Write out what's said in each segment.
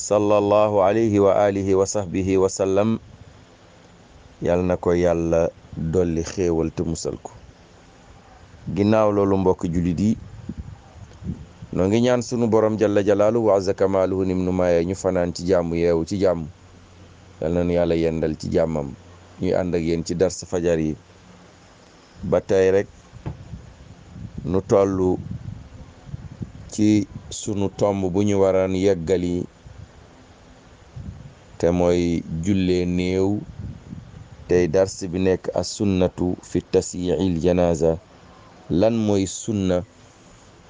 sallallahu alayhi wa alihi wa sahbihi wa sallam na ko yàlla dolli xéewal te ko ginnaaw loolu mbokk jullit yi noo ngi ñaan sunu boroom jalla jalaalu wa azza nim nu maye ñu fanaan ci jàmm yeewu ci jàmm yal na nu yàlla yendal ci jàmmam ñuy ànd yéen ci dars fajar yi ba tey rekk nu toll ci sunu tomb bu ñu waran yeggali te mooy jullee néew tey dars bi nekk as sunnatu fi tasyiil janaza lan mooy sunna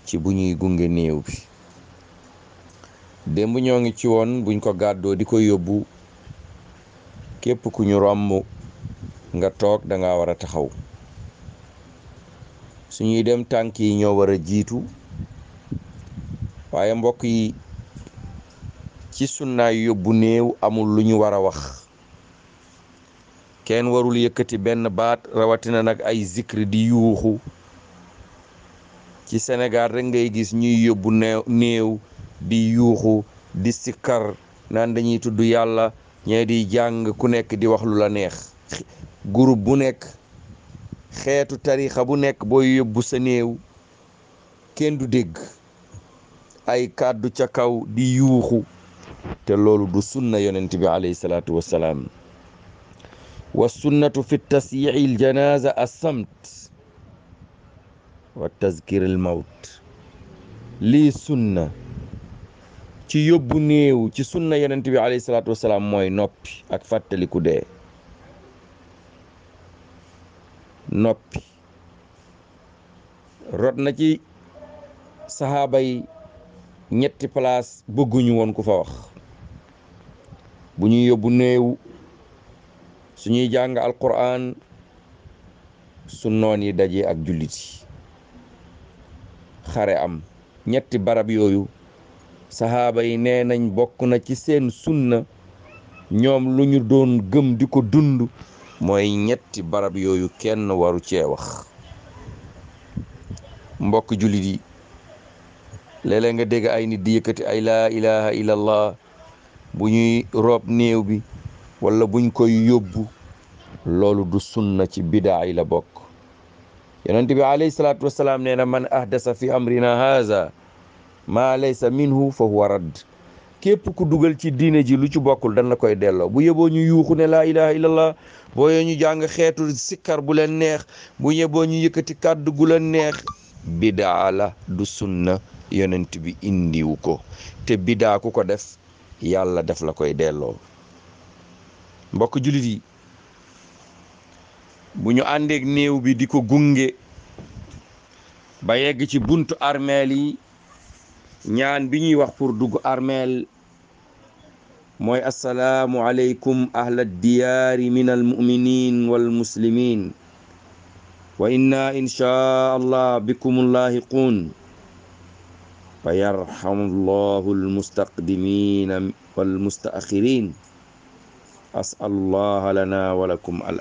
ci bu ñuy gunge néew bi démb ñoo ngi ci woon buñ ko gàddoo di ko yóbbu képp ku ñu romb nga toog danga war a taxaw suñuy dem tànk yi ñoo war a jiitu waaye mbokk ci sunnaay yóbbu néew amul lu ñu war a wax kenn warul yëkkati benn baat rawatina nag ay zikri di yuuxu ci Sénégal rek ngay gis ñuy yóbbu néew néew di yuuxu di sikkar nan dañuy tudd yàlla ñee di jàng ku nekk di wax lu la neex groupe bu nekk xeetu tariixa bu nekk booy yóbbu sa néew kenn du dégg ay kàddu ca kaw di yuuxu te loolu du sunna yonent bi alayhi salaatu wassalaam wa sunnatu fi tasyici aljanaza assamt wa tazkir almawt lii sunna ci yóbbu néew ci sunna yonent bi alayhi salaatu mooy noppi ak fàttaliku dee noppi rot na ci saxaaba ñetti palaas bëgguñu woon ku fa wax bu ñu yóbbu néew suñuy jàng alquran su noon yi dajee ak jullit xare am ñetti barab yooyu sahaaba yi nee nañ bokk na ci seen sunna ñoom lu ñu doon gëm di ko dund mooy ñetti barab yooyu kenn waru cee wax mbokk jullit yi léeg nga dégg ay nit di yëkkati ay laa ilaha illallah bu ñuy rob néew bi wala buñ koy yóbbu loolu du sunna ci bidaa la bokk yonent bi alayhi salaatu wasalaam nee na man ahdasa fi amrina haza maa laysa minhu fa huwa radd képp ku dugal ci diine ji lu ci bokkul dan la koy delloo bu yeboo ñu yuuxu ne laa ilaha illallah boo yee jàng xeetu sikkar bu leen neex bu yeboo ñu yëkkati kàddu gu leen neex bidaa la du sunna yonent bi indiwu ko te bidaa ku ko def yàlla def la koy delloo mbokk jullit yi bu ñu àndeek néew bi di ko gunge ba yegg ci buntu armeeli ñaan bi ñuy wax pour dugg armeel mooy assalaamu aleykum ahla diyaari min al muminin wal wa inna inchaa allah bikum laahiquun fa yarxamu llahu almustaqdimina walmustaaxirin asalullaha lana wa lakum al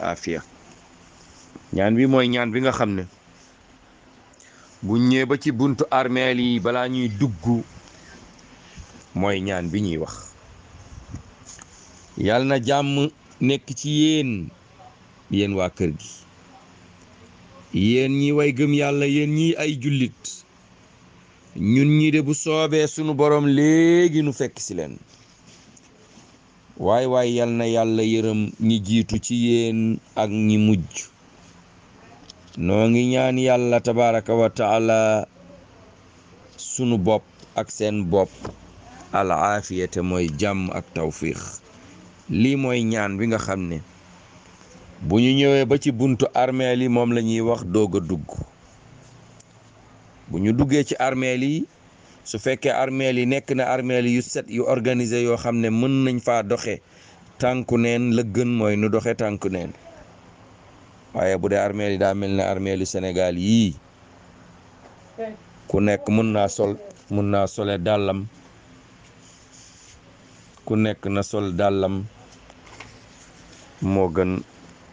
ñaan bi mooy ñaan bi nga xam ne bu ñëwee ba ci buntu armeel yi balaa ñuy dugg mooy ñaan bi ñuy wax yàlla na jàmm nekk ci yéen yéen waa kër gi yéen ñi way gëm yàlla yéen ñi ay jullit ñun ñi de bu soobee sunu boroom léegi nu fekk ci leen waay waay yal na yàlla yërëm ñi jiitu ci yéen ak ñi mujj noo ngi ñaan yàlla tabaraka wa sunu bopp ak seen bopp al aafiyate mooy jàmm ak tawfiix lii mooy ñaan bi nga xam ne bu ñu ñëwee ba ci buntu armeel yi moom lañuy wax doog a dugg bu ñu duggee ci armeel yi su fekkee armeel yi nekk na armeel yu set yu organisé yoo xam ne mën nañ faa doxe tànku neen la gën mooy nu doxe tànku neen waaye bu dee armeel yi daa mel ne armeelu Sénégal yii ku nekk mën naa sol mën naa sole dàllam ku nekk na sol dàllam moo gën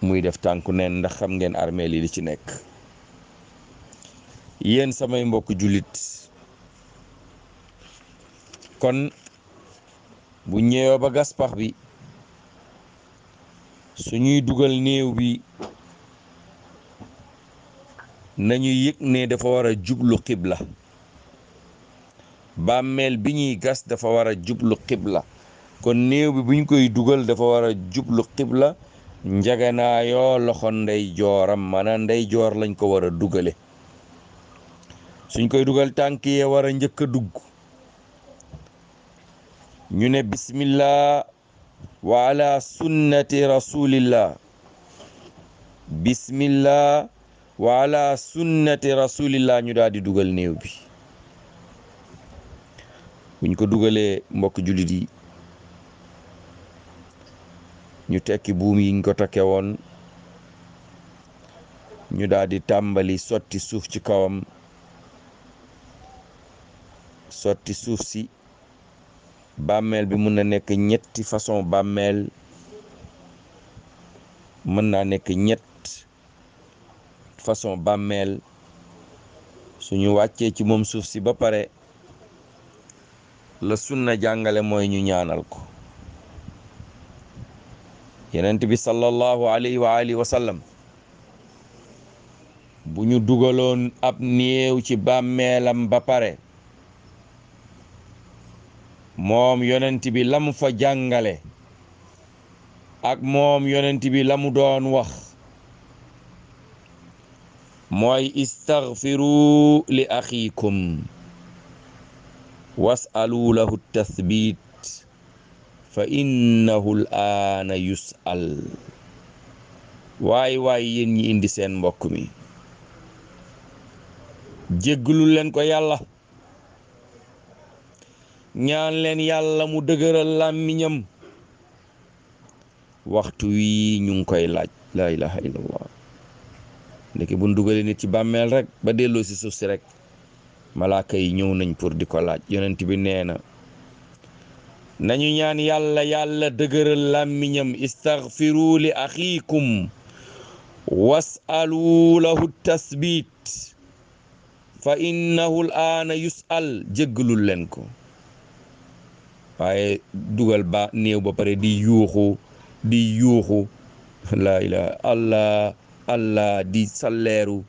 muy def tànku neen ndax xam ngeen armeel yi li ci nekk yéen samay mbokk jullit kon bu ñëwee ba gas pax bi suñuy dugal néew bi nañu yëg ne dafa war a jublu xibla bàmmeel bi ñuy gas dafa war a jublu xibla kon néew bi buñ koy dugal dafa war a jublu xibla njaganaayoo loxo ndey jooram maanaam ndey joor lañ ko war a dugale suñ koy dugal tànk yee war a njëkk a dugg ñu ne bismillah wa ala sunnati rasulillah bismillah wa sunnati rasulillah ñu daal di dugal néew bi buñ ko dugalee mbokk jullit yi ñu tekki buum yiñ ko takke woon ñu daal di tàmbali sotti suuf ci kawam sotti suuf si bàmmeel bi mën na nekk ñetti façon bàmmeel mën na nekk ñett façon bàmmeel suñu wàccee ci moom suuf si ba pare la sunna jàngale mooy ñu ñaanal ko yenent bi sallallahu alayhi wa alihi wa bu ñu dugaloon ab néew ci bàmmeelam ba pare moom yonent bi la fa jàngale ak moom yonent bi la doon wax mooy istaghfiru li axiikum wasalu lahu tathbit fa innahu l aana yusal waay waay yéen ñi indi seen mbokk mi jégglu leen ko yàlla ñaan leen yàlla mu dëgëral làmmiñam waxtu wii ñu ngi koy laaj laa ilaha illallah ndeke bu nu dugalee nit ci bàmmeel rek ba delloo si suuf si rekk malaaka yi ñëw nañ pour di ko laaj yonent bi nee na nañu ñaan yàlla yàlla dëgëral làmmiñam istaghfiru li axiikum wasalu lahu tasbit fa innahu al aana yusal jéggalul leen ko waaye dugal ba néew ba pare di yuuxu di yuuxu laa ilaa allah allah di salleeru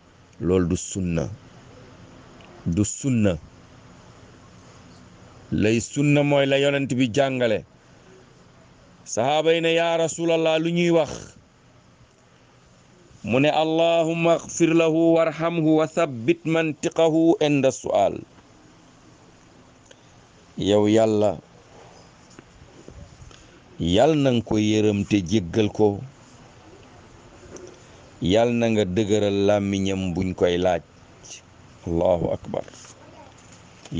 loolu du sunna du sunna lay sunna mooy la yonent bi jàngale sahaaba yi ne yaa rasulallah lu ñuy wax mu ne allahumma agfir lahu warhamhu wa thabbit mantiqahu inda su'al yow yàlla yal na nga ko yërëm jéggal ko yal na nga dëgëral làmmiñam buñ koy laaj allahu akbar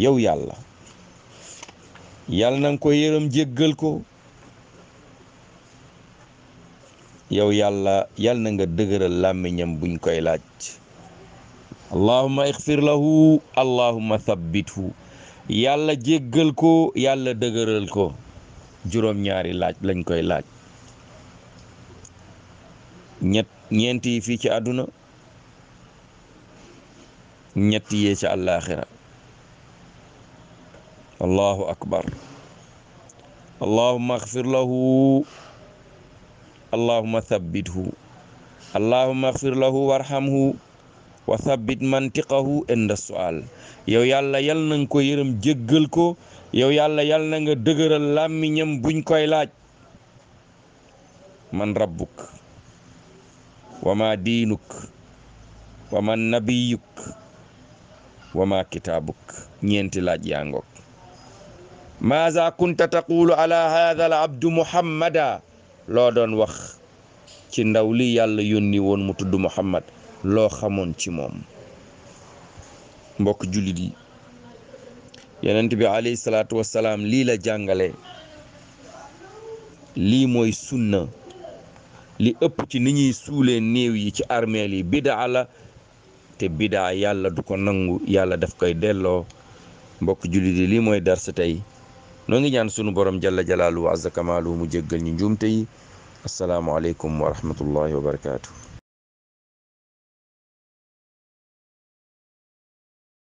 yow yàlla yal na nga ko yërëm jéggal ko yow yàlla yal na nga dëgëral làmmiñam buñ koy laaj allahumma ixfir lahu allahumma thabbithu yàlla jéggal ko yàlla dëgëral ko juróom-ñaari laaj lañ koy laaj ñett yi fii ci àdduna ñetti yee ci àllaaxira allahu akbar allahuma axfir lahu allahuma thabbithu allahuma axfir lahu warhamhu wa thabbit mantiqahu inda sual yow yàlla yal na nga ko yërëm jéggal ko yow yàlla yal na nga làmmiñam buñ koy laaj man rabbuk wa ma diinuk wa man nabiyuk wa ma kitaabuk ñeenti laaj yaa ngoog maaza kunta taqulu ala al abdu muhammada loo doon wax ci ndaw li yàlla yónni woon mu tudd muhammad loo xamoon ci moom mbokk jullit yi yonent bi alayhi salaatu wasalaam lii la jàngale lii mooy sunna li ëpp ci ni ñuy suule néew yi ci armeel yi bidaa la te bidaa yàlla du ko nangu yàlla daf koy delloo mbokk jullit yi lii mooy darsa tey noo ngi ñaan sunu borom jalla jalaalu kamaalu mu jéggal ñu njuumte yi assalaamu aleykum wa wa barakaatu.